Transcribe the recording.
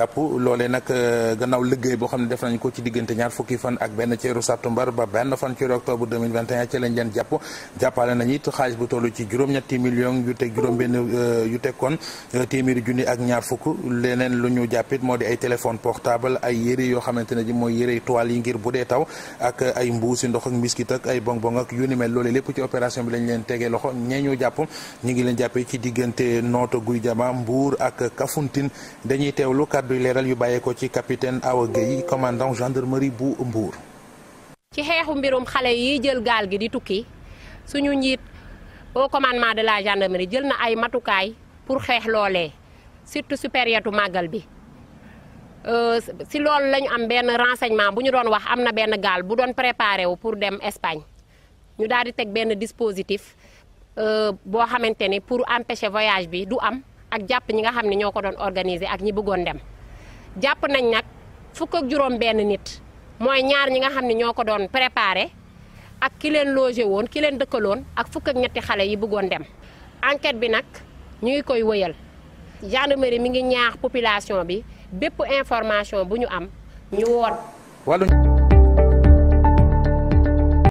jàpp loolee nag euh, gannaaw liggéey boo xam ne def nañ ko ci diggante ñaar fukki fan ak benn ceeru sàttumbar ba benn fan ceeru octobre 2021 ci lañ leen jàpp jàppale nañ it xaalis bu toll ci euh, euh, junni ak ñaar fukk leneen lu ñu jàppit moo di ay téléphone portable ay yére yoo xamante ne ji mooy yére toile yi ngir bu dee taw ak ay mbuusi ndox ak miskit ak ay bonbon ak yu ni mel loolee lépp ci opération bi lañ leen tegee loxo ñee ñu jàpp ñu ngi leen jàppee ci diggante noota guy jama mbuur ak kafuntin dañuy teewlu kàddu kàddu yu leeral yu bàyyeekoo ci capitaine Awa Gueye commandant gendarmerie bu Mbour. ci xexu mbirum xalé yi jël gal gi di tukki suñu njiit au commandement de la gendarmerie jël na ay matukay pour xeex loolee surtout supérietu magal bi. euh si loolu lañu am ben renseignement bu ñu doon wax amna ben gal bu doon préparé wu pour dem Espagne ñu daal di teg benn dispositif euh bo xamantene pour empêcher voyage bi du am ak japp ñi nga xamni ñoko doon organiser ak ñi bëggoon dem. jàpp nañ nag fukk ak juróom benn nit mooy ñaar ñi nga xam ne ñoo ko doon préparé ak ki leen loge woon ki leen dëkkaloon ak fukk ak ñetti xale yi bëggoon dem enquête bi nag ñu ngi koy wëyal gendarmerie mi ngi ñaax population bi bépp information bu ñu am ñu woor